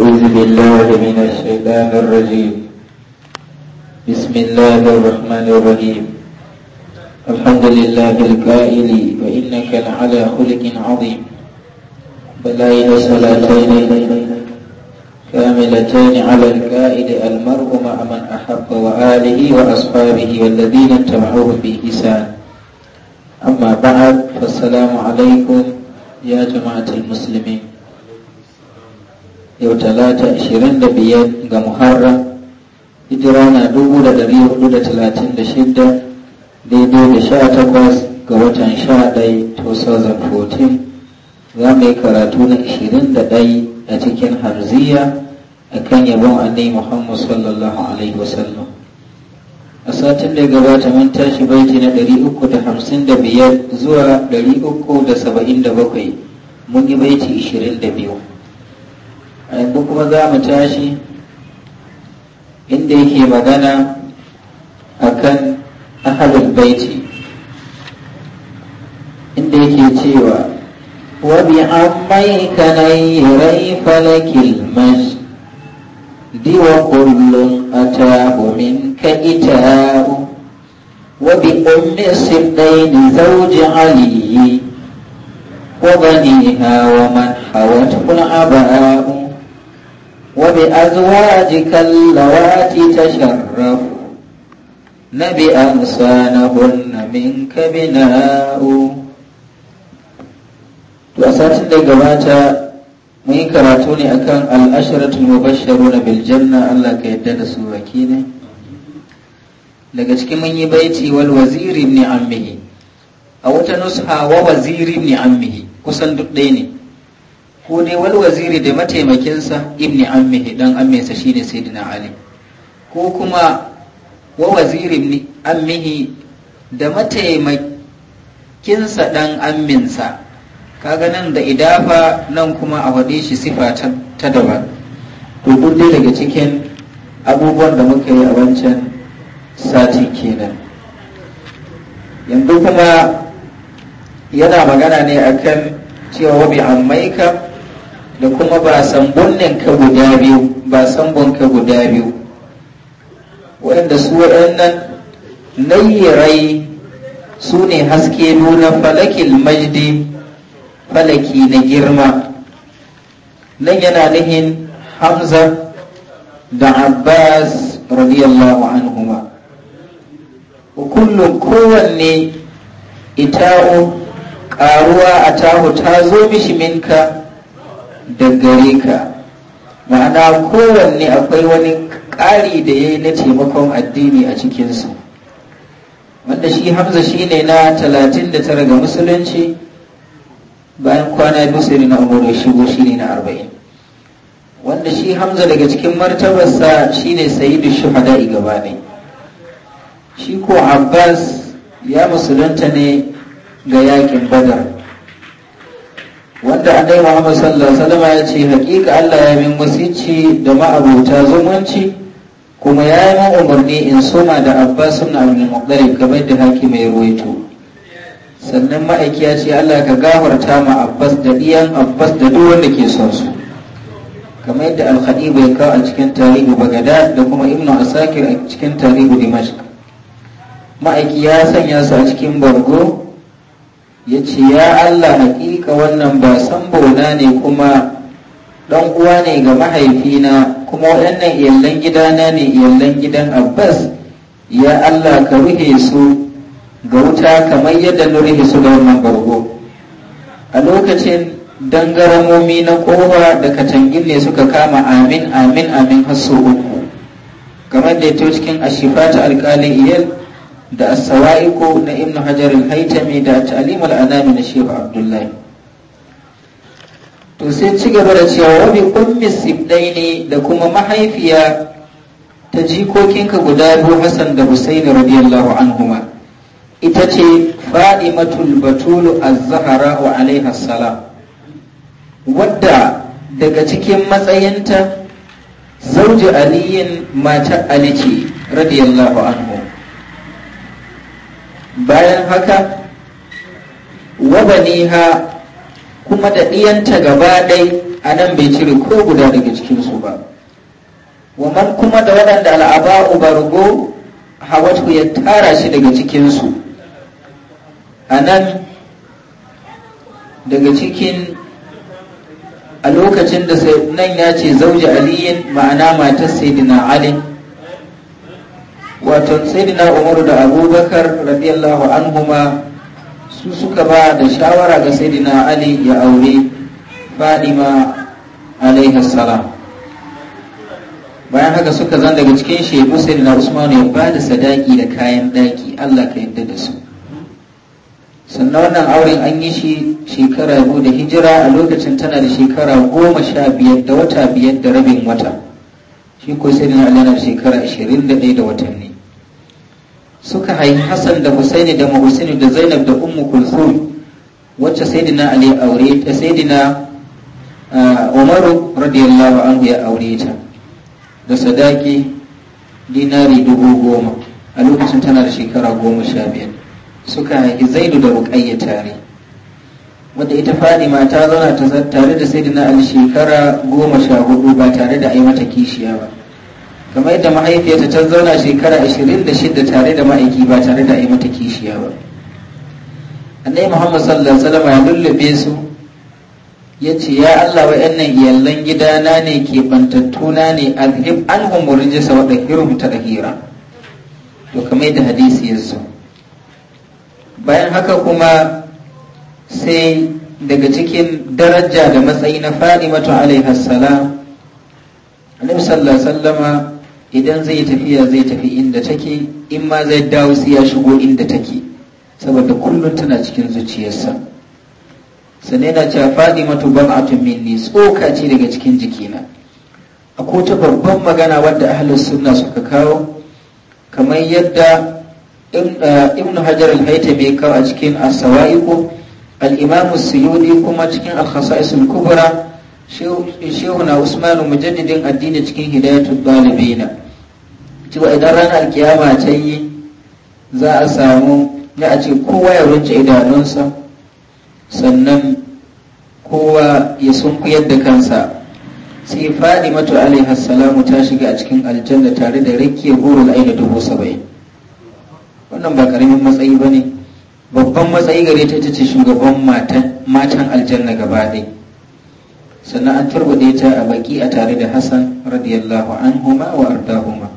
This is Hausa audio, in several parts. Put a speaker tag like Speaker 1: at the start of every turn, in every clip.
Speaker 1: أعوذ بالله من الشيطان الرجيم بسم الله الرحمن الرحيم الحمد لله القائل وإنك لعلى خلق عظيم بلائل صلاتين كاملتين على الكائد المرء مع من أحب وآله وأصحابه والذين اتبعوه بإحسان أما بعد فالسلام عليكم يا جماعة المسلمين yau talata 25 ga muharra hijira na 436 daidai da sha takwas ga watan sha ɗai 2014 za mu yi karatu na 21 a cikin harziya a kan yabon annai muhammad sallallahu alaihi wasallam a satin da gabata mun tashi baiti na 355 zuwa 377 mun yi baiti 22 a yanzu kuma za mu tashi inda yake magana akan ahalul baiti inda yake cewa wa bi ammaika rai falakil mas diwa kullum a atahu minka itahu wa bi ummi sibdain zawji aliyi wa baniha hawa man hawat kul aba'u وبأزواجك اللواتي تشرف لبأنسانهن منك بناء وأساتين لقباتا mun yi karatu ne akan al'asharatul mubashsharu na biljanna Allah ka yadda da su baki ne daga cikin mun yi baiti wal waziri ibn ammihi a wata nusha wa waziri ibn ammihi kusan duk ɗaya ne ko dai wal waziri da mataimakinsa ibni ammihi dan amminsa shine sayyidina ali ko kuma wa waziri ibni ammihi da mataimakinsa dan amminsa kaga nan da idafa nan kuma a faɗe shi sifa ta daban to dai daga cikin abubuwan da muka yi a wancan sati kenan yanzu kuma yana magana ne a kan cewa amma yi ka. da kuma ba sambunnin ka guda biyu ba sambon ka guda biyu waɗanda su waɗannan nayyarai su ne haske nuna falakil majdi falaki na girma nan yana nihin hamza da abbas radiyallahu anhuma kullum kowanne ita'u ƙaruwa a tahu ta zo mishi minka da gare ka ma'ana kowanne akwai wani ƙari da ya yi na taimakon addini a cikinsu wanda shi hamza shi ne na 39 ga musulunci bayan kwana biyu sai na umaru ya shigo shi ne na 40 wanda shi hamza daga cikin martabarsa shi ne sayidu shuhada'i gaba ne shi ko abbas ya musulunta ne ga yakin badar wanda a Muhammad sallallahu alaihi ya ce hakika Allah ya min wasici da ma'abuta zumunci kuma ya yi min umarni in soma da Abbas ibn abin Muttalib kamar da hakima mai ruwaito sannan ma'aiki ya ce Allah ka gafarta ma Abbas da iyan Abbas da duk wanda ke son su kamar yadda al bai kawo a cikin tarihi Bagada da kuma Ibnu Asakir a cikin tarihi Dimashq ma'aiki ya sanya su a cikin bargo ya ce ya Allah haƙiƙa wannan ba sambona ne kuma ɗan uwa ne ga mahaifina kuma waɗannan iyallan gidana ne iyallan gidan Abbas ya Allah ka rufe su ga wuta kamar yadda na ruhe su ga wannan bargo a lokacin dangaramomi na kowa da katangin ne suka kama amin amin amin har uku kamar da ya cikin ashifa ta alƙalin iyal da asawa'iku na ibn hajar al haitami da ta'lim al-anam na shehu abdullahi to sai ci gaba da cewa wa bi ummi sibdaini da kuma mahaifiya ta jikokinka guda biyu Hassan da husain radiyallahu anhuma ita ce Fadimatul Batulu Az-Zahra wa alaiha salam wadda daga cikin matsayinta zauji aliyin matar Ali ce radiyallahu anhu bayan haka wabaniha kuma da ɗiyanta gaba ɗai a nan bai cire ko guda daga cikinsu ba waman kuma da waɗanda al'aba'u bargo hawatu ya tara shi daga cikinsu a nan daga cikin a lokacin da nan ya ce zauji aliyin ma'ana matar saidina ali wato sayyidina umar da abubakar radiyallahu anhuma su suka ba da shawara ga sayyidina ali ya aure fadima alaihi salam bayan haka suka zan daga cikin shebu da usman ya ba da sadaki da kayan daki Allah ka yarda da su sannan wannan auren an yi shi shekara biyu da hijira a lokacin tana da shekara goma sha biyar da wata biyar da rabin wata shi ko sai na alina shekara ashirin da ɗaya da watanni suka haifi Hassan da Husaini da Muhsinu da Zainab da Ummu Kulthum wacce Sayyidina Ali aure ta Sayyidina uh, Umaru radiyallahu anhu ya aure ta da sadaki dinari dubu goma a lokacin tana da shekara goma sha biyar suka haifi Zaidu da Ruqayya tare wadda ita Fadima ta zauna tare da Sayyidina Ali shekara goma sha hudu ba tare da ai mata kishiya ba kamar yadda mahaifiyarta ta zauna shekara 26 tare da ma'aiki ba tare da mata kishiya ba annai muhammad sallallahu alaihi wasallam ya lullube su ya ce ya allah wa nan iyalan gidana ne ke bantattuna ne alhib alhum rijsa wa dahirum tadhira to kamar yadda hadisi ya zo bayan haka kuma sai daga cikin daraja da matsayi na fadimatu alaihi salam annabi sallallahu alaihi wasallama idan zai tafiya zai tafi inda take in ma zai dawo sai ya shigo inda take saboda kullum tana cikin zuciyarsa sannan yana cewa mata ban'atun minni tsoka ce daga cikin jikina ko ta babban magana wadda ahlus sunna suka kawo kamar yadda eh, ibn hajar alhaita bai kawo a cikin as al'imamu kuma cikin al kubra shehu na Usmanu mujaddidin addini cikin hidayatul dalibina cewa idan ranar kiyama ta yi za a samu ya a ce kowa ya rinci idanunsa sannan kowa ya sunkuyar da kansa sai faɗi mato alaihi salamu ta shiga a cikin aljanna tare da rake gurul aina dubu saba'in wannan ba karamin matsayi ba ne babban matsayi gare ta ta ce shugaban matan aljanna gaba ɗai sannan an turbaɗe ta a baki a tare da hassan radiyallahu anhuma wa ardahuma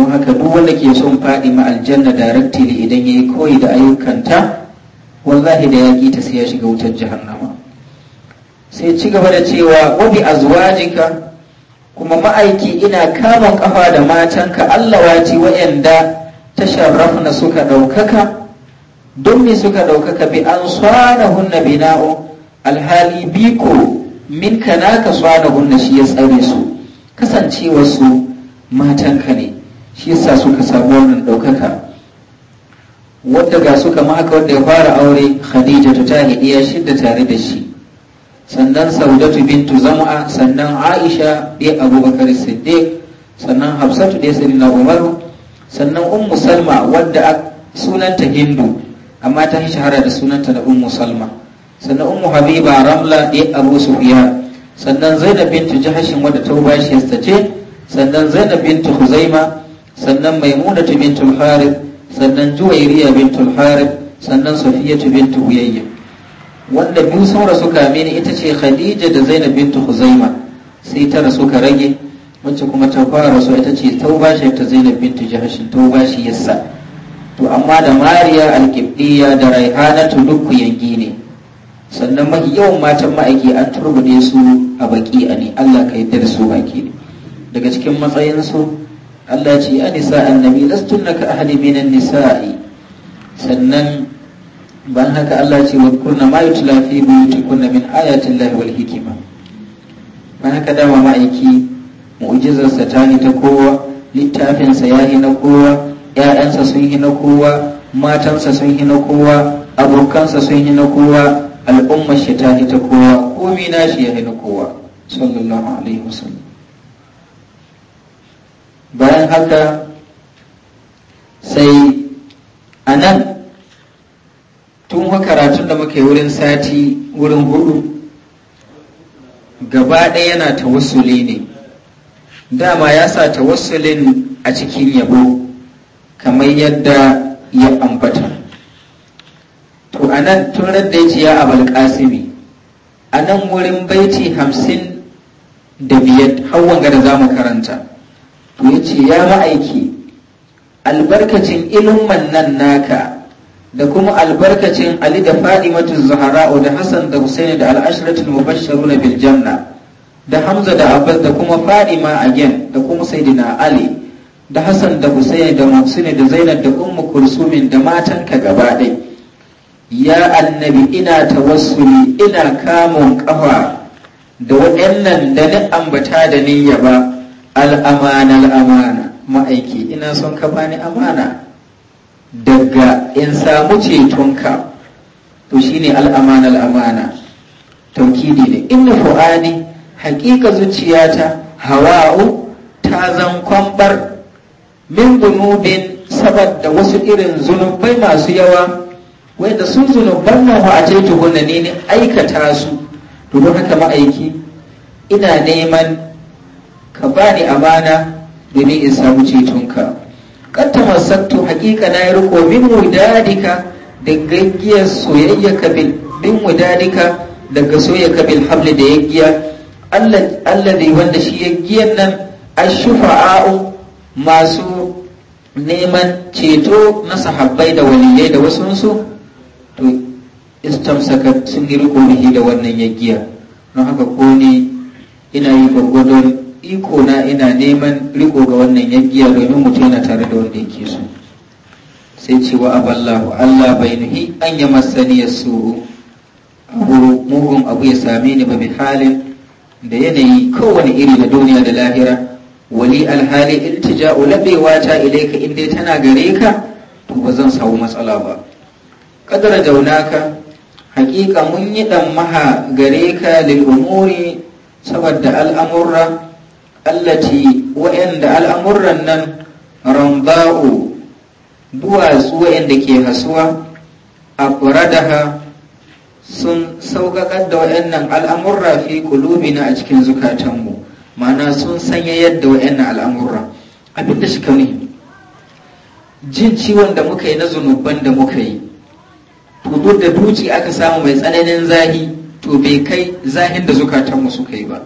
Speaker 1: don haka duk wanda ke son faɗi ma aljanna directly idan ya yi koyi da ayyukanta wallahi da yaƙi ta sai ya shiga wutar jahannama sai ci gaba da cewa wabi azwajika kuma ma'aiki ina kamun kafa da matanka wace wa'anda ta sharrafna suka ɗaukaka don me suka ɗaukaka bi an hunna bina'u alhali biko ka swana hunna shi ya tsare su kasancewa su matanka ne shi yasa suka samu wannan ɗaukaka wadda ga suka aka wadda ya fara aure khadija ta tahidiya shidda tare da shi sannan saudatu bintu zam'a sannan aisha ɗaya abubakar siddiq sannan hafsatu ɗaya sayyidina umaru sannan ummu salma wadda sunanta hindu amma ta shahara da sunanta na ummu salma sannan ummu habiba ramla da abu sufyan sannan zainab bintu jahashin wadda ta uba ta ce sannan zainab bintu khuzaima sannan maimuna ta bin harith sannan juwairiya bin harith sannan ta bin huyayya wanda biyu saura suka amini ita ce khadija da zainab bin huzaima sai ta rasu ka rage wacce kuma ta fara rasu ita ce shi ta zainab bin tuhashin tauba shi yassa to amma da mariya alkibdiya da raihanatu dukku yangi ne sannan mafi yawan matan ma'aiki an turbude su a baki ne allah ka yi da su baki daga cikin matsayinsu Allah ce ya nisa annabi lastunna ka ahadi minan nisa'i sannan ban haka Allah ce wadkurna ma yutla fi buyutikunna min ayatin lahi wal hikima ban haka dama ma'aiki mu'jizarsa ta ni ta kowa littafinsa ya yi na kowa ‘ya'yansa sun yi na kowa matansa sun yi na kowa abokansa sun yi na kowa al'ummar shi ta yi ta kowa komi na shi ya yi na kowa sallallahu alaihi wasallam bayan haka sai a nan tun karatun da muka yi wurin sati wurin hudu gaba ɗaya yana tawassuli ne dama ya sa tawassulin a cikin yabo kamar yadda ya ambata to a nan tun da ya ce ya abal a nan wurin baiti hamsin da biyar hawan da za mu karanta to ya ce ya ma'aiki albarkacin ilimin nan naka da kuma albarkacin ali da fadimatu zahara'u da hassan da husaini da al'ashiratul mubashsharuna bil janna da hamza da abbas da kuma fadima again da kuma sayyidina ali da hassan da husaini da muhsini da zainab da ummu kursumin da matanka gaba ɗaya ya annabi ina tawassuli ina kamun kafa da waɗannan da ni ambata da niyya ba al'amana al'amana ma'aiki ina son ka bani amana daga in samu cetonka to shine al'amana al'amana taukidi ne inna fu'ani haƙiƙa zuciyata hawa'u ta zan kwambar min zunubin saboda wasu irin zunubai masu yawa wanda sun zunuban nan a ce ne aikata su to don haka ma'aiki ina neman ka bani amana domin in samu cetonka qad tamassaktu haƙiƙa na ya riko min dadika da gaggiyar soyayya kabil min dadika daga soyayya kabil hamle da yaggiya Allah ne wanda shi yaggiyar nan shufa'a'u masu neman ceto na sahabbai da waliyai da wasunsu to istamsaka sun yi riko da wannan yaggiya don haka ko ne ina yi gwargwadon iko na ina neman riko ga wannan yaggiya domin mutum yana tare da wanda yake so sai ce wa aballahu Allah bai nuhi an yi masani ya so mugun abu ya same ni ba bi halin da yanayi kowane iri da duniya da lahira wali alhali iltija'u ulabewa ta ilaika inda tana gare ka to ba zan samu matsala ba kadara jaunaka hakika mun yi dan maha gare ka lil umuri saboda al'amurra allati wa'anda al'amuran nan ramba'u duwatsu wayanda ke hasuwa a Ha, sun sauƙaƙar da wayannan al'amurra fi kulubina a cikin zukatanmu mana sun sanya yadda wayannan al'amurra abinda shi ne jin ciwon da muka yi na zunuban da muka yi to da duci aka samu mai tsananin zahi to bai kai zahin da zukatanmu suka yi ba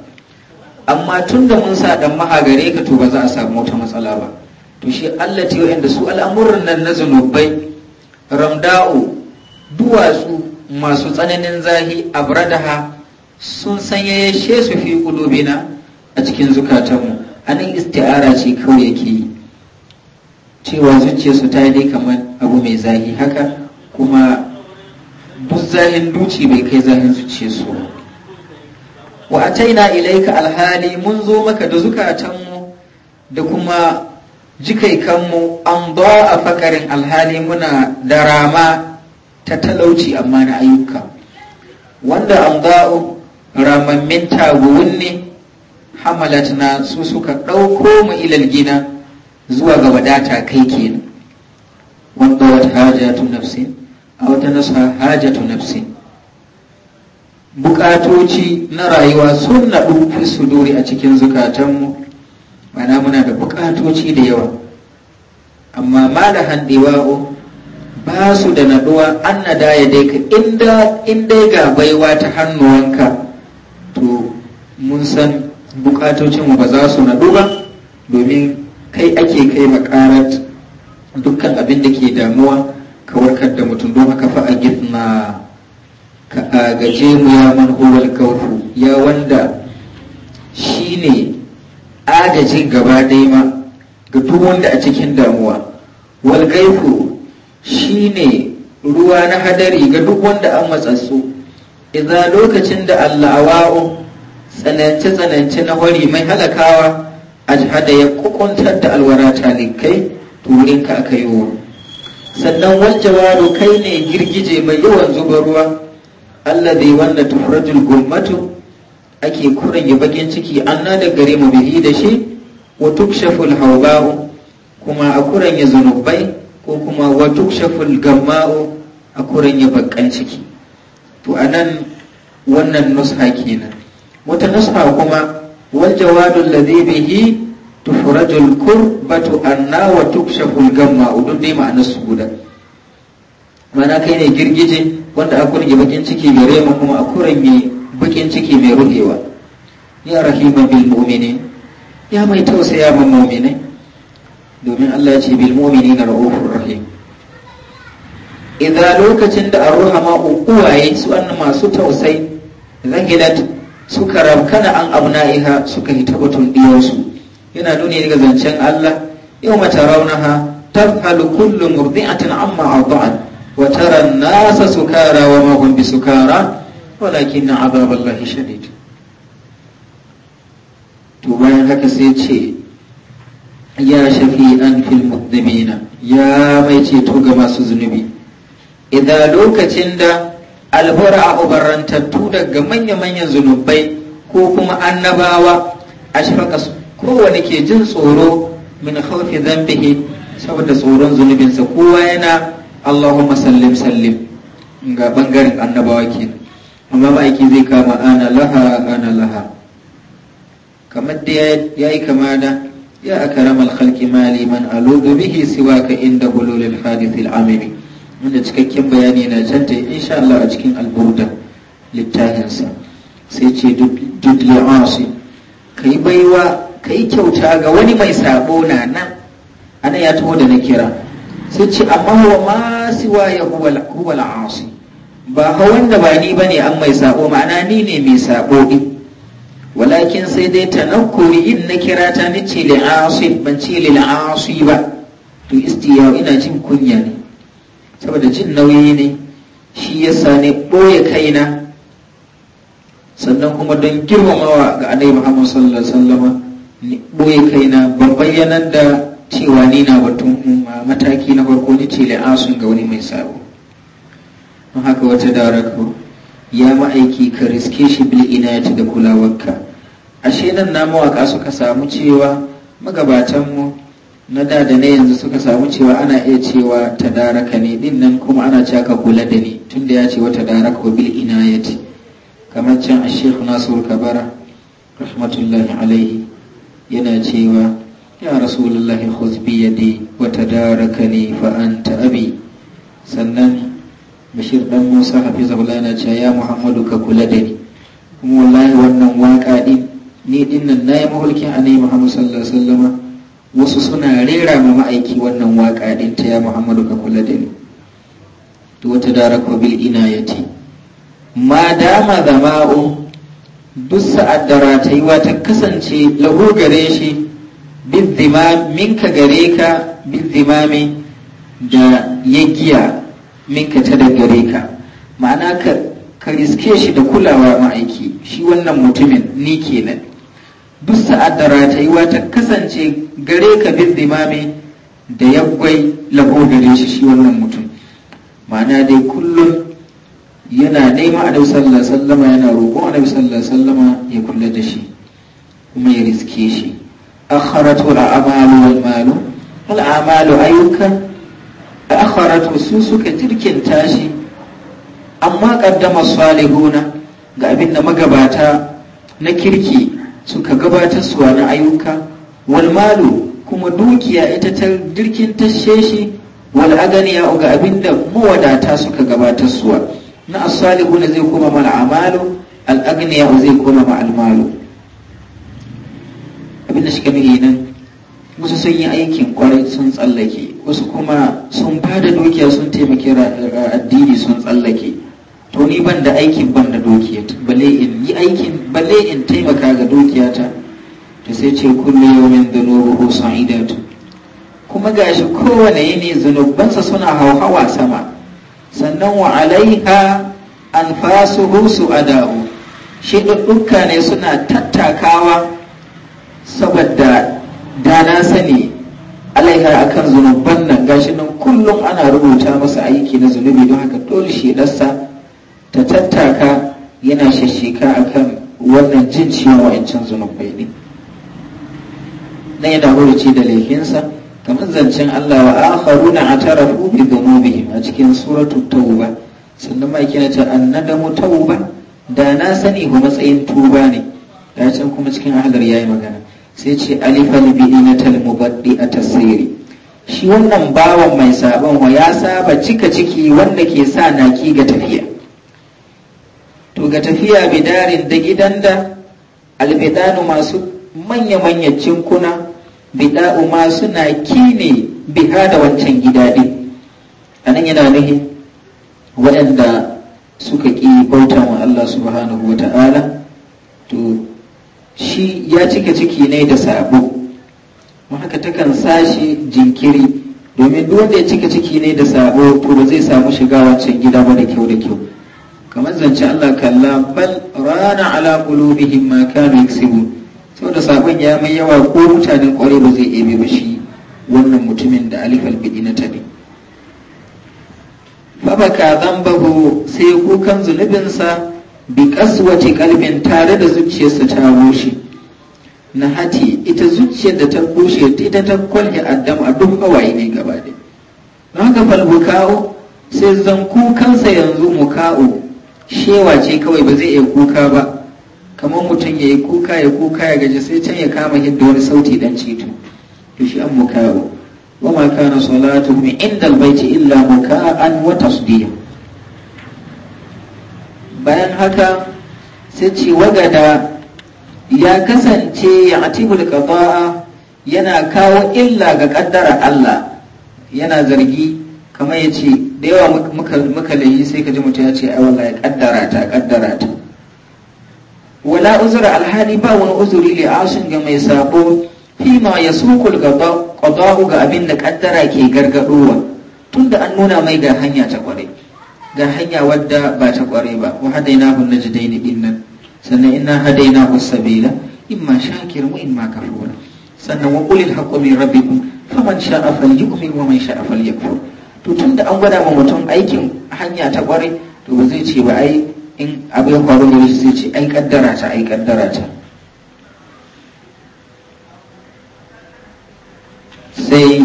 Speaker 1: amma tun da mun sa dan maha gare ka to ba za a samu wata matsala ba to shi Allah ta yi su al'amuran nan na zunubai ramda'u duwatsu masu tsananin zahi abradaha sun she su fi kulubina a cikin zukatanmu anan isti'ara ce kawai yake yi cewa zuciyarsu ta yi kamar abu mai zahi haka kuma duk zahin duci bai kai zahin zuciyarsu ba wa ataina ilaika alhali mun zo maka da zukatanmu da kuma jikaikanmu an ba a fakarin alhali muna da rama ta talauci amma na ayyuka wanda an ba'u ramammin tagowin ne hamalatna su suka ɗauko mu ilal gina zuwa ga wadata kai kenan wanda wata hajjatu nafsin a wata nasa nafsin bukatoci na rayuwa sun naɗu fi suduri a cikin zukatanmu mana muna da bukatoci da yawa amma ma da hanɗewa'o ba su da naɗuwa an na daya dai ka in dai ga baiwa ta hannuwanka to mun san bukatocinmu ba za su naɗu ba domin kai ake kai makarat dukkan abin da ke damuwa ka warkar da mutum don haka fa'a a gifna ka agaje mu ya man huwal kawfu ya wanda shine agajin gaba ɗaya ma ga duk wanda a cikin damuwa wal gaifu shine ruwa na hadari ga duk wanda an matsatsu idan lokacin da allawa'u tsanance-tsanance na wari mai halakawa ajhada ya kukuntar da alwara talikai turinka aka yi sannan wajen kai ne girgije mai yawan zuba ruwa alladhi wanda tukhrajul gummatu ake kuranye bakin ciki anna da gare mu bihi da shi wa tukshaful hawba'u kuma a kuranye zunubai ko kuma wa tukshaful gamma'u a kuranye bakkan ciki to anan wannan nusha kenan wata nusha kuma wal jawadu alladhi bihi tukhrajul kurbatu anna wa tukshaful gamma'u duk dai ma'anar su guda mana kai ne girgije wanda a kurge bakin ciki gare mu kuma a mai bakin ciki mai ruhewa ya rahima bil mu'mini ya mai tausaya ma mu'mini domin Allah ya ce bil mu'mini na ra'ufur rahim idan lokacin da arruhama uwaye su an masu tausayi zangilat suka rabkana an abna'iha suka hita batun diyarsu yana nuni ga zancen Allah yau mata raunaha tafhalu kullu murdi'atin amma adha'at Waɗannan sa su ƙara wa magonɓi su ƙara, wadakin na ababen To bayan haka sai ce ya shafi an fil mu ɗabi'un nan, ya to ga masu zunubi. Idan lokacin da alhora a'urar tattu daga manya-manyan zunubai, ko kuma annabawa, a shafa kowane ke jin tsoro, mun haufe zan saboda tsoron zunubinsa kowa yana. Allahumma sallim sallim ga bangaren annabawa ke. amma ma'aiki zai kama ana laha ana laha kamar da ya yi kama da ya ramar halki mali man aludu bihi ka inda hulolin hadith al wanda cikakken bayani na canta insha Allah a cikin alburda littafinsa sai ce duk dudle Ka yi baiwa ka yi kyauta ga wani mai sabo na nan ana ya taho da na kira sai ce amma huwa ma siwa ya huwa la'asi ba fa wanda ba ni bane an mai sabo ma'ana ni ne mai sabo din walakin sai dai ta kori in na kira ta ni ce li'asi ban ce li'asi ba to ina jin kunya ne saboda jin nauyi ne shi yasa ne ɓoye kaina sannan kuma don girmamawa ga annabi Muhammad sallallahu alaihi wasallam ni ɓoye kaina ban bayyanar da cewa ni na batun mm, mataki na farko ni ce la'asun ga wani mai sabo don haka wata daraka, ya ma'aiki ka riske shi bil inayati da kulawarka ashe nan na mawaka suka samu cewa magabatanmu na da da na yanzu suka samu cewa ana iya cewa ta daraka ne din nan kuma ana caka kula da ni tunda ya ce wata daraka wa bil inayati kamar can a shekhu nasiru kabara rahmatullahi alaihi yana cewa ya rasulullahi khudh bi yadi wa tadarakani fa anta abi sannan bashir dan musa hafizahullah na cewa ya muhammadu ka kula da ni kuma wallahi wannan waka din ni din nan nayi mahulkin annabi muhammad sallallahu alaihi wasallama wasu suna rera ma ma'aiki wannan waka din ta ya muhammadu ka kula da ni to wata daraka bil inayati ma dama zama'u duk sa'ad da ratayuwa ta kasance lahu gare shi bizzimam minka gare ka bizzimami da ya giya minka ta da gare ka ma'ana ka ka riske shi da kulawa ma'aiki shi wannan mutumin ni kenan duk sa'adar da ratayuwa ta kasance gare ka bizzimami da yaggwai labo gare shi shi wannan mutum ma'ana dai kullum yana nema annabi sallallahu alaihi wasallama yana roƙon annabi sallallahu alaihi ya kula da shi kuma ya riske shi akharatu al'amalu wal malu al'amalu ayyuka akharatu su suka jirkinta shi amma qaddama salihuna ga abin magabata na kirki suka gabata suwa na ayyuka wal malu kuma dukiya ita ta dirkin tashe shi wal aganiya ga abin da mawadata suka gabata suwa na as-salihuna zai koma mal amalu al zai koma ma al malu abinda shi kabiri nan wasu sun yi aikin kwarai sun tsallake wasu kuma sun ba da dukiya sun taimaki addini sun tsallake to ni ban da aikin ban da dukiya bale in yi aikin bale in taimaka ga dukiya ta ta sai ce da nuru dhunubuhu sa'idatu kuma gashi kowane yini zunubansa suna hauhawa sama sannan wa alaiha anfasuhu su'ada'u shi dukka ne suna tattakawa saboda da na sani a akan zunuban nan gashi nan kullum ana rubuta masa aiki na zunubi don haka dole shi dasa ta tattaka yana shashika akan wannan jin ciwon wa'ancin zunubai ne na yana hurci da laifinsa kamar zancen Allah wa akharuna atarafu bi dhunubihim a cikin suratu tauba sannan ma yake nace annadamu tauba da na sani ko matsayin tuba ne da kuma cikin ahalar yayi magana sai ce alifal na mubaddi a tasiri shi wannan bawan mai sabon ya saba cika ciki wanda ke sa naki ga tafiya to ga tafiya bidarin da gidan da albidanu masu manya-manyan cinkuna bida'u masu naki ne biha da wancan gida ɗin a nan yana nuhi waɗanda suka ƙi bautan wa Allah subhanahu wa ta'ala to shi ya cika ciki ne da sabo mu haka takan sashi jinkiri domin duk wanda ya cika ciki ne da sabo ko ba zai samu shiga wancan gida ba da kyau da kyau kamar zance Allah kalla bal rana ala qulubihim ma kanu yaksubu saboda sabon ya mai yawa ko mutanen kware ba zai ebe ba shi wannan mutumin da alif albidi na tabi babaka zambahu sai kukan zunubinsa bi kaswati kalbin tare da zuciyarsa ta rushe. na hati ita zuciyar da ta bushe ita ta kwalye addam a duk hawaye ne gaba da don haka sai zan kukansa yanzu muka'u shewa ce kawai ba zai iya kuka ba kamar mutum ya yi kuka ya kuka ya gaji sai can ya kama hidda wani sauti dan ceto to shi an muka'u wa ma kana min inda albayti illa muka'an wa tasdiya bayan haka sai ce wagada ya kasance ya atibul qada'a yana kawo illa ga kaddara Allah yana zargi kamar ya ce da yawa muka layi sai ka ji mutum ya ce ai wallahi kaddara ta kaddara ta wala uzra alhali ba wani uzuri li ashin ga mai sabo ma ya sukul qada'u ga abin da kaddara ke gargadowa tunda an nuna mai ga hanya ta kwarai ga hanya wadda ba ta kware ba wa hadaina hun najdain dinnan sannan inna hadaina hus sabila imma shakir wa imma kafura sannan wa qulil haqqu min rabbikum faman sha'a falyu'min wa man sha'a falyakfur to tunda an gwada ma mutum aikin hanya ta kware to zai ce ba ai in abin ya faru da shi zai ce ai kaddara ta ai kaddara ta sai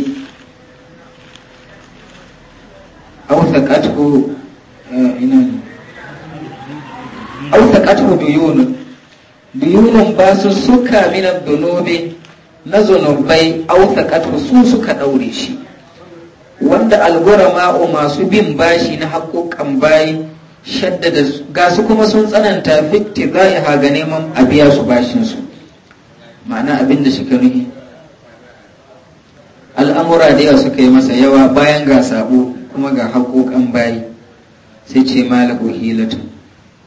Speaker 1: authaqathu buyunun basu ba suka mina dunobe na zunubai ausakat su suka ɗaure shi wanda algurama'u masu bin bashi na haƙoƙan bayi shaddada ga su kuma sun tsananta fitti za ga neman a biya su ma'ana abin da shika al'amura da yawa suka yi masa yawa bayan ga sabo kuma ga haƙoƙan bayi sai ce malahu hilatu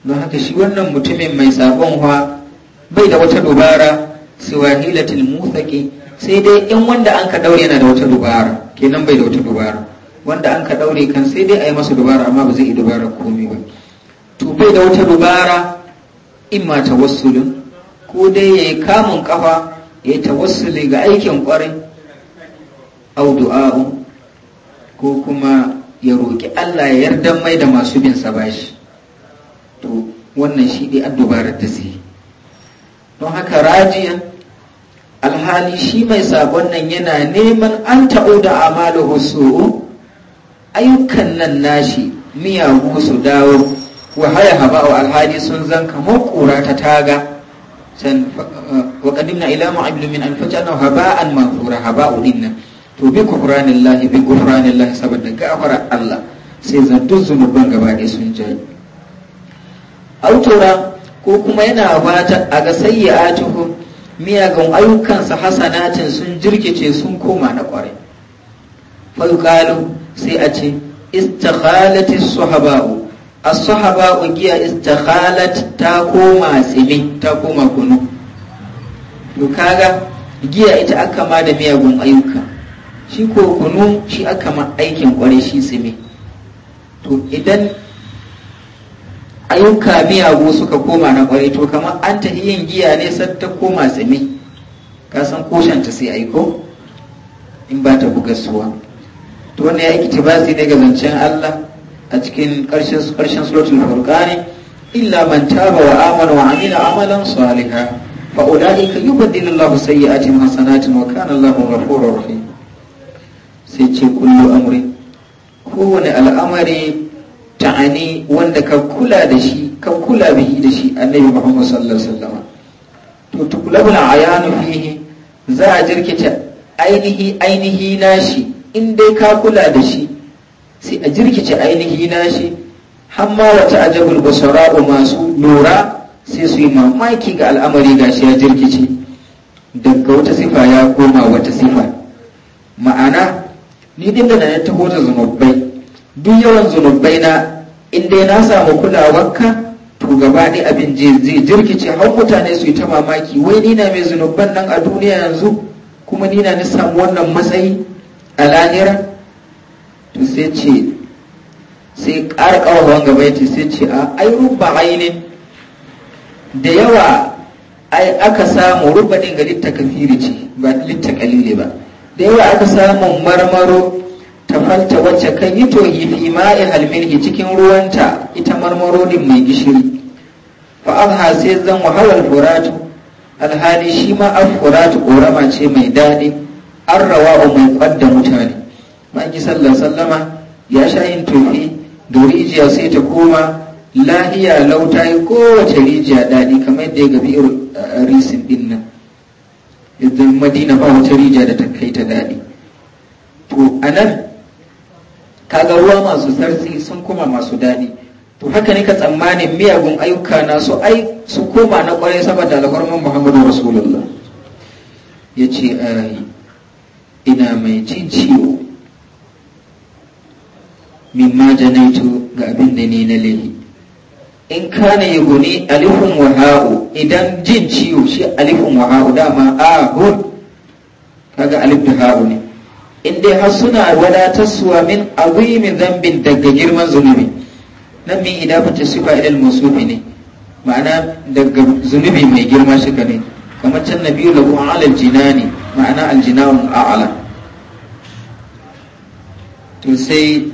Speaker 1: don haka shi wannan mutumin mai sabon wa bai da wata dubara siwa hilatil sai dai in wanda an ka daure yana da wata dubara kenan bai da wata dubara wanda an ka daure kan sai dai a yi masa dubara amma ba zai yi dubara komai ba to bai da wata dubara in ma tawassulin ko dai ya yi kamun kafa ya yi tawassuli ga aikin kwarai au ko kuma ya roƙi Allah ya yarda mai da masu bin sa bashi to wannan shi ne an dubarar da sai don haka rajiyan alhali shi mai sabon nan yana neman an ta'o da amalu su'u ayyukan nan nashi miyagu su dawo wa haya a alhali sun zan kamar ta taga san wa qadimna ila ma min an fajana haba'an mansura haba'u dinnan to bi kufranillahi bi kufranillahi saboda gafara Allah sai zan duk zunuban gaba ɗaya sun jayi autora ko kuma yana fata a ga sayyi'atuhum miyagun ayyukansa hasanatin sun jirkice sun koma na kwarai fayuqalu sai a ce istakhalati suhaba'u as-suhaba'u giya istakhalat ta koma tsimi ta koma kunu to kaga giya ita aka ma da miyagun ayyuka shi ko kunu shi aka ma aikin kwarai shi tsimi to idan ayyuka miyagu suka koma na ƙwarai to kamar an ta yin giya ne sai ta koma tsimi ka san ta sai aiko in ba ta buga suwa to wannan ya yi kitibasi ne zancen Allah a cikin ƙarshen ƙarshen suratul furqani illa man taba wa amana wa amila amalan salika fa ulaika yubaddilu Allahu sayyi'atihim hasanatin wa kana Allahu ghafurur rahim sai ce kullu amri kowane al'amari ta'ani wanda ka kula da shi ka kula bihi da shi annabi Muhammad sallallahu alaihi wasallam to tuqlabul ayanu fihi za a jirkita ainihi ainihi nashi in dai ka kula da shi sai a jirkice ainihi nashi hamma wata ajabul basara masu lura sai su yi mamaki ga al'amari gashi ya jirkice daga wata sifa ya koma wata sifa ma'ana ni dinda na taho da bai. duk yawan zunubai na in dai na samu ka to gaba ɗaya abin zai jirkice har mutane su yi ta mamaki wai ni na mai zunuban nan a duniya yanzu kuma ni na samu wannan matsayi a lahira to sai ce sai ƙara ƙawawan gaba ya ce sai ce a ai rubba ainin da yawa ai aka samu rubanin ga littaka ce ba littaka lile ba da yawa aka samu marmaro tafalta wacce kan yi toyi fi ma'in halmirhi cikin ruwanta ita marmarodin mai gishiri fa sai zan wahalar furatu alhali shi ma an furatu ƙorama ce mai daɗi an rawa mai fadda mutane maki sallar sallama ya sha yin tofi da rijiya sai ta koma lahiya lauta yi kowace rijiya daɗi kamar yadda ya gabi eh, risin ɗin nan idan madina ba wata rijiya da ta kai ta daɗi to anan kaga ruwa masu sartsi sun koma masu daɗi to haka ne ka tsammani miyagun ayyuka na su ai su koma na kwarai saboda alhurman muhammadu rasulullah ya ce ina mai jin ciwo min majanaitu ga abin da ni na lili in kana yi guni alifin waha'u idan jin ciwo shi alifin waha'u dama ahun kaga alif da ha'u ne in dai har suna wadatarsuwa min azimin zambin daga girman zunubi nan min idafata sifa ilal musufi ne ma'ana daga zunubi mai girma shi ne kamar can nabiyu lahu alal aljinani ma'ana aljinawun a'ala to sai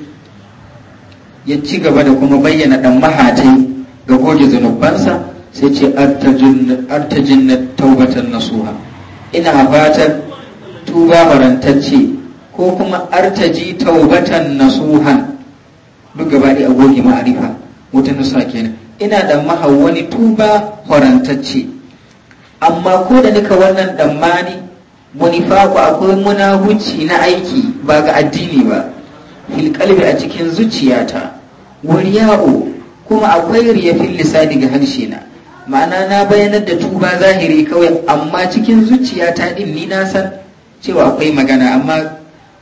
Speaker 1: ya ci gaba da kuma bayyana dan mahatai ga goge zunubansa sai ce artajin na taubatan nasuha ina fatar tuba marantacce ko kuma artaji taubatan nasuhan duk gaba da agogi ma'arifa wata nusa kenan ina da mahau tuba horantacce amma ko da nika wannan dammani faku akwai munahuci na aiki ba ga addini ba filkalbi a cikin zuciyata Wani ya'o? kuma akwai riyafin lisani ga harshe na ma'ana na bayanar da tuba zahiri kawai amma cikin zuciyata din ni na san cewa akwai magana amma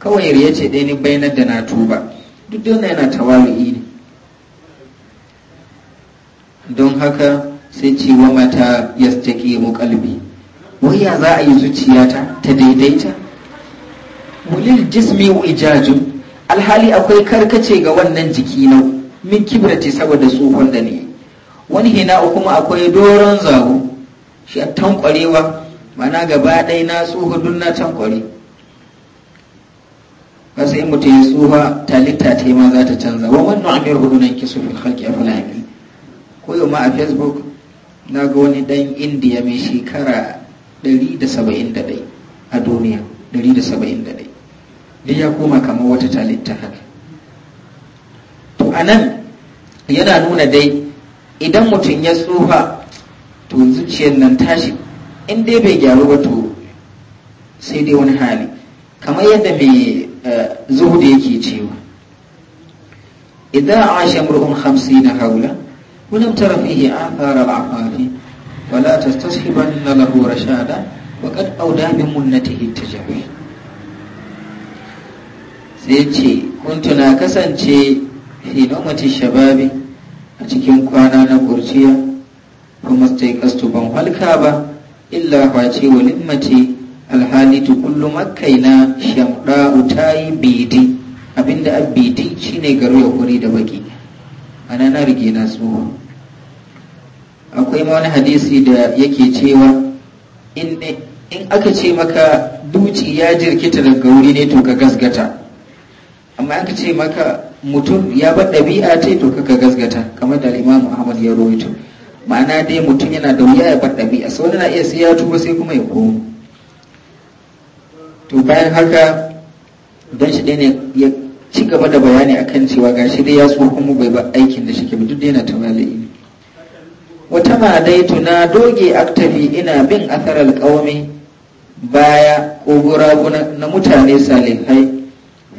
Speaker 1: kawai ya ce ɗaya ne bainar da na tuba duk da yana yana tawali'i ne don haka sai ce wa mata yastaki mu kalbi wai za a yi zuciyata ta daidaita mulil jismi wa ijaju alhali akwai karkace ga wannan jiki na min kibrati saboda tsohon da ne wani hina kuma akwai doron zago shi a tankwarewa mana gaba ɗaya na tsohon na tankwarewa kasu sai mutum ya tsufa talitta ta ma za ta canza wa wannan amir hudu nan kisu fil khalqi aflami ko yau ma a facebook na ga wani dan indiya mai shekara 171 a duniya 171 duk ya koma kamar wata talitta haka to anan yana nuna dai idan mutum ya tsufa to zuciyar nan tashi in dai bai gyaru ba to sai dai wani hali kamar yadda mai zuhud yake cewa idan asha murhun hamsi na haula ولم تر فيه آثار العفاف ولا تستصحبن له رشادا وقد أودى بمنته التجافي sai ce kuntuna kasance finomati shababi a cikin kwana na kurciya kuma sai kastu ban halka ba illa face wa nimmati alhalitu kullu makkaina ta yi bidi abinda a bidi shine garo ya kuri da baki ana na rige na tsoho akwai ma wani hadisi da yake cewa in aka ce maka duci ya jirkita daga wuri ne to ka gasgata amma aka ce maka mutum ya bar ɗabi'a ce to ka gasgata kamar da Imam Ahmad ya rawaito ma'ana dai mutum yana da wuya ya bar ɗabi'a sai wani na iya sai ya tuba sai kuma ya komo to bayan haka don shi ne ya ci gaba da bayani akan cewa ga shi dai ya so kuma bai ba aikin da shike duk da yana tambaya ilimi wata ma dai tuna doge aktabi ina bin athar alqawmi baya ko guraguna na mutane salihai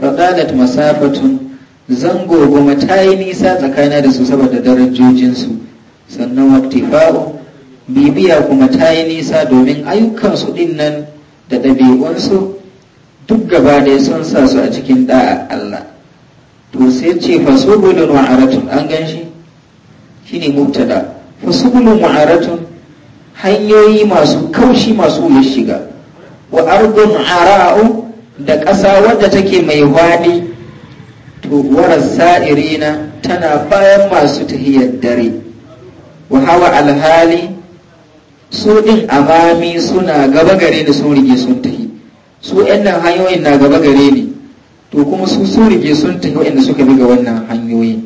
Speaker 1: faqalat masafatun zango goma ta yi nisa tsakanin da su saboda darajojinsu sannan waktifa'u bibiya kuma tayi nisa domin ayyukansu ɗinnan nan da ɗabi'unsu duk gaba da ya sun sa su a cikin da'a Allah to sai ce fasubulun wa'aratun an gan shi shi ne mubtada fasubulun wa'aratun hanyoyi masu kaushi masu wuya shiga wa ardun ara'u da ƙasa wadda take mai wadi to waras sa'irina tana bayan masu tahiyar dare wa hawa alhali su ɗin amami suna gaba gare da sun rige sun tahi su nan hanyoyin na gaba gare ni to kuma su sun rige sun tafi waɗanda suka bi ga wannan hanyoyin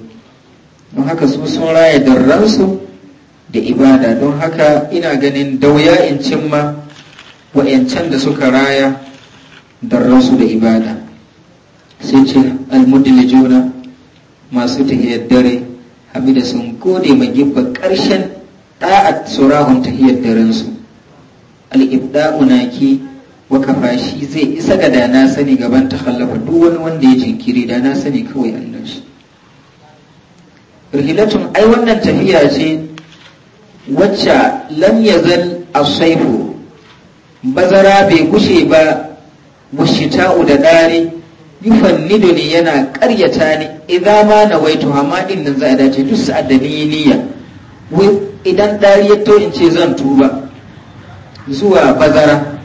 Speaker 1: don haka su sun raya da ransu da ibada don haka ina ganin dauya in cimma wa'yancan da suka raya ransu da ibada sai ce juna, masu tahiyar dare hamida sun gode ma gibba ƙarshen ta'at surahun tahiyar darensu al'ibda'u na ki wakafa shi zai isa ga da na sani gaban ta hallafa duk wani wanda ya jinkiri da na sani kawai Allah shi rihilatun ai wannan tafiya ce wacce lam yazal asaihu bazara bai gushe ba mushita da dare yufan ne yana karyata ni idan ma na waito amma din nan za a dace duk sa'ad da niyya idan dare ya to in ce zan tuba zuwa bazara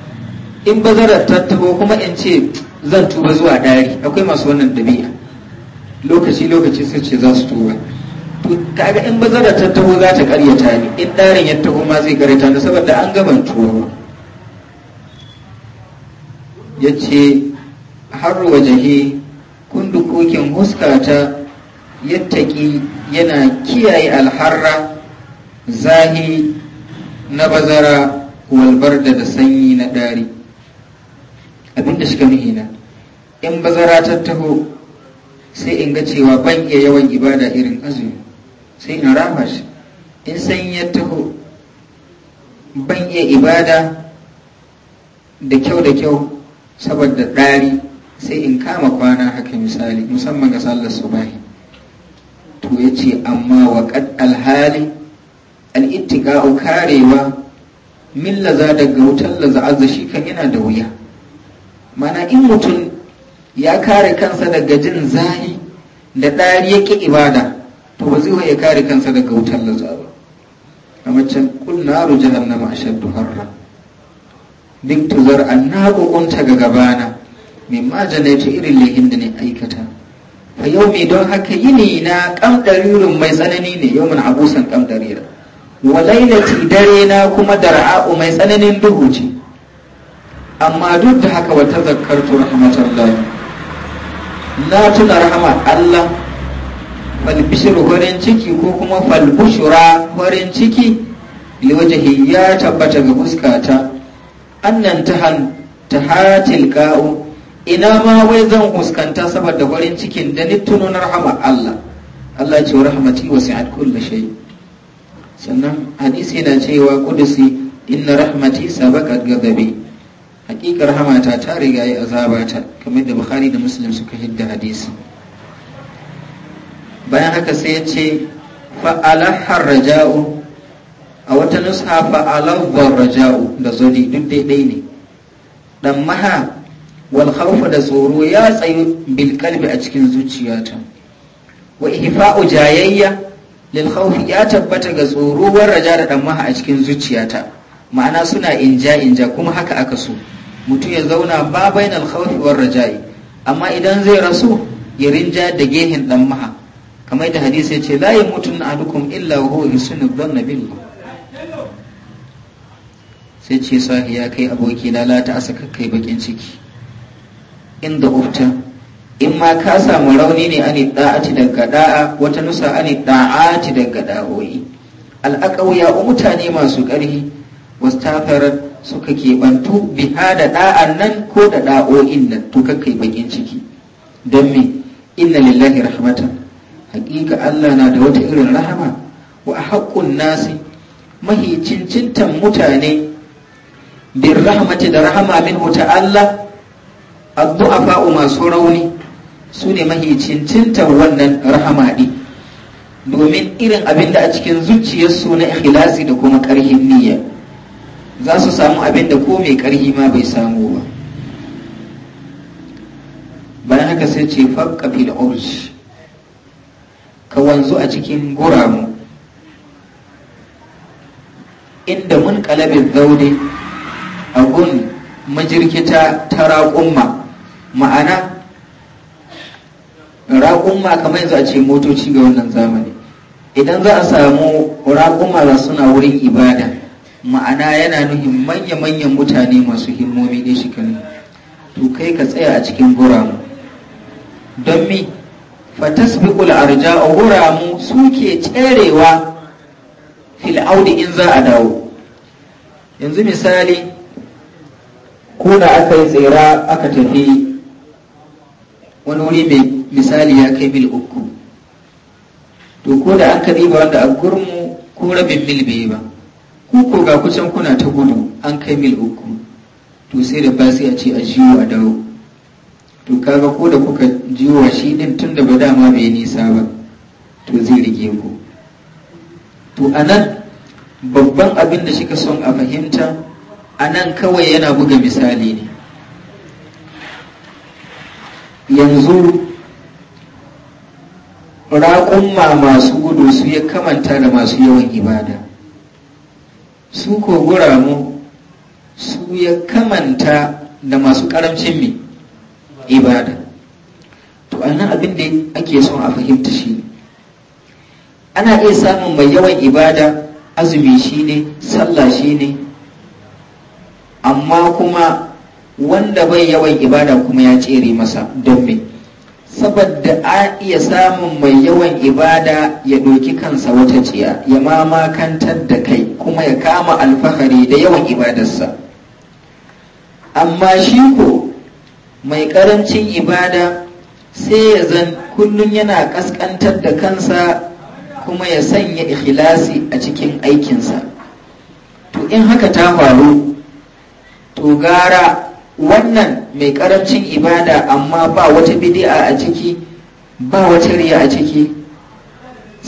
Speaker 1: in bazarar ta kuma in ce zan tuba zuwa dari akwai masu wannan ɗabi'a lokaci lokaci sun ce za su tuba kaga in bazarar ta tabo za ta karyata ni in ɗarin ya taho ma zai karyata ne saboda an gaban tuba ya ce har wajahi kundukokin huskata yattaki yana kiyaye alharra zahi na bazara walbar da sanyi na ɗari Abin da shiga mihina in bazara ta taho sai in ga cewa ban iya yawan ibada irin azumi sai ina rama shi in san ya taho ban iya ibada da kyau da kyau saboda ɗari sai in kama kwana haka misali musamman ga sallar subahi to ya ce amma wa alhali al'ittika'u karewa min laza daga wutar laza shi kan yana da wuya mana in mutum ya kare kansa daga jin zahi da ɗari yake ibada to ba zai ya kare kansa daga wutar laza ba a macen kul naru jahannama ashaddu harra duk tuzar an na kokonta ga gabana mai majana ta irin lehin da ne aikata A yau mai don haka ne na kamdaririn mai tsanani ne yau mana abusan kamdarira wa dare na kuma dara'a'u mai tsananin duhu ce amma duk da haka wata zakartu da na tuna rahama Allah falbishir horin ciki ko kuma falbushura horin ciki liwajahi ya tabbata ga fuskata annan tahan hatil ka'u ina ma wai zan huskanta saboda horin cikin da ni tuno na rahama Allah Allah ce rahmati wa wasi'at kulli shay sannan hadisi na cewa kudusi inna rahmati sabaqat ghadabi haƙiƙar hamata ta riga yi azabata kamar da bukhari da muslim suka hidda hadisi bayan haka sai ya ce fa’ala raja'u a wata nusa fa’ala raja'u da zodi duk daidai ne dan maha wal khawfa da tsoro ya tsayi bil a cikin zuciyata wa ihfa'u jayayya lil khawfi ya tabbata ga tsoro war raja da dan maha a cikin zuciyata ma'ana suna inja inja kuma haka aka so mutum ya zauna ba bainal khawfi war raja'i amma idan zai rasu ya rinja da gehen dan maha kamar da hadisi ya ce la yamutun ahadukum illa wa huwa yusunu dhanna billah sai ce sahi ya kai aboki na lata asa kai bakin ciki inda ufta in ma ka samu rauni ne ani da'ati daga da'a wata nusa ani da'ati daga da'o'i al'aqaw ya mutane masu ƙarfi wastafarar suka keɓantu biha da ɗa'an nan ko da ɗa'o'in nan to kakkai bakin ciki don me inna lillahi rahmatan haƙiƙa Allah na da wata irin rahama wa haƙƙun nasi mahi cincintan mutane bin rahmati da rahama min wuta Allah addu'afa'u masu rauni su ne mahi cincintan wannan rahama ɗin domin irin abinda a cikin zuciyarsu na ikhlasi da kuma ƙarfin niyya za su samu abin da ko mai ƙarfi ma bai samu ba bayan haka sai ce faƙa fil urj ka wanzu a cikin guramu inda mun kalabin zaune a gun majirkita ta raƙumma ma'ana raƙumma kamar yanzu a ce motoci ga wannan zamani idan za a samu raƙumma suna wurin ibada ma'ana yana nuhin manya-manyan mutane masu himmomi ne shi kan to kai ka tsaya a cikin guramu don mi fatasbiqul arja'u guramu suke tserewa fil audi in za a dawo yanzu misali ko da aka yi tsira aka tafi wani wuri mai misali ya kai mil uku to ko da an ka wanda a gurmu ko rabin mil bai ba kuko ga kusan kuna ta gudu an kai mil uku to sai da basi a ce a jiwo a dawo to kaga ko da kuka a shi din tun da ba dama bai nisa ba to zai rige ku to anan babban abin da shika son a fahimta anan kawai yana buga misali ne yanzu raƙumma masu gudu su ya kamanta da masu yawan ibada su ko mu su ya kamanta da masu karamcin mi ibada to nan abin da ake son a fahimta shi ne. ana iya samun mai yawan ibada azumi shi shine sallah ne. amma kuma wanda bai yawan ibada kuma ya tsere masa don me saboda a iya samun mai yawan ibada ya ɗoki kansa wata ciya ya mamakantar da kai kuma ya kama alfahari da yawan ibadarsa amma shi ko mai ƙarancin ibada sai ya zan kullum yana ƙasƙantar da kansa kuma ya sanya ikhlasi a cikin aikinsa to in haka ta faru to gara wannan mai karancin ibada amma ba wata bidi'a a ciki ba wata riya a ciki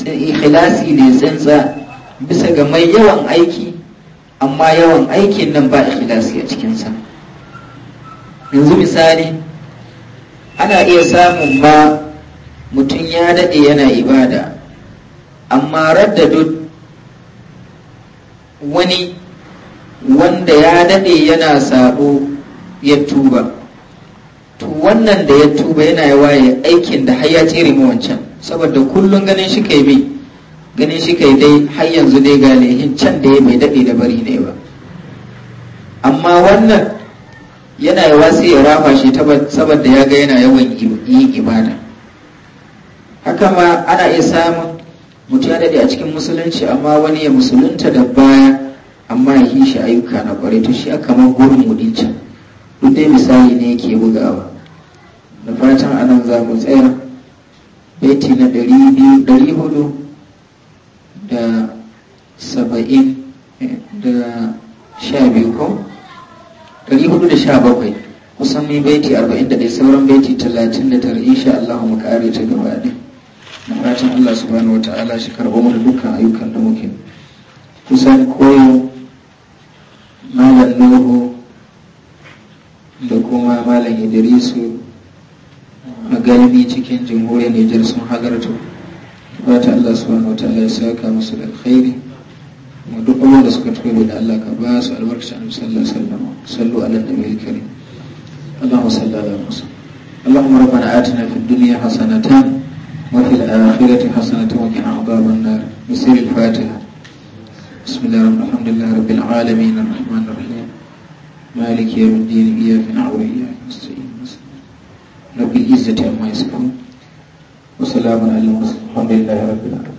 Speaker 1: ikhlasi ne tsantsa bisa ga mai yawan aiki amma yawan aikin nan ba ikhlasi a cikinsa yanzu misali ana iya samun ba mutum ya daɗe yana ibada amma duk wani wanda ya daɗe yana sabo ya tuba to wannan da ya tuba yana yi waye aikin da har ya tsere mu wancan saboda kullum ganin shi kai mai ganin shi kai dai har yanzu dai ga lehin can da ya bai daɗe da bari ne ba amma wannan yana yi wasu ya rafa shi saboda ya ga yana yawan yi ibada haka ma ana iya samun mutum ya daɗe a cikin musulunci amma wani ya musulunta da baya amma ya shi ayyuka na kwarai to shi aka ma gurin mudin can dai misali ne yake bugawa da fatan anan za mu tsaya beti na 400 da saba'in eh, da sha biyu ko ɗari hudu da sha bakwai kusan mai beti arba'in da ɗaya sauran beti talatin da tara insha Allah mu kare ta gaba Da na fatan Allah subhanahu wa ta'ala shi karɓo mu dukkan ayyukan da muke kusan koyo malam nuhu da kuma malam idrisu a galibi cikin jamhuriyar nijar sun hagarta fata allah subhanahu wataala ya saka musu da alkhairi kuma duk abubuwan da suka tuba da allah ka ba su albarkaci annabi sallallahu alaihi wasallam sallu ala nabiyil karim اللهم صل على محمد اللهم ربنا آتنا في الدنيا حسنة وفي الآخرة حسنة وقنا عذاب النار بسر الفاتحة بسم الله الرحمن الرحيم الحمد لله رب العالمين الرحمن الرحيم مالك يوم الدين إياك نعبد وإياك نستعين رب العزة عما يصفون وسلام على المرسلين الحمد لله رب العالمين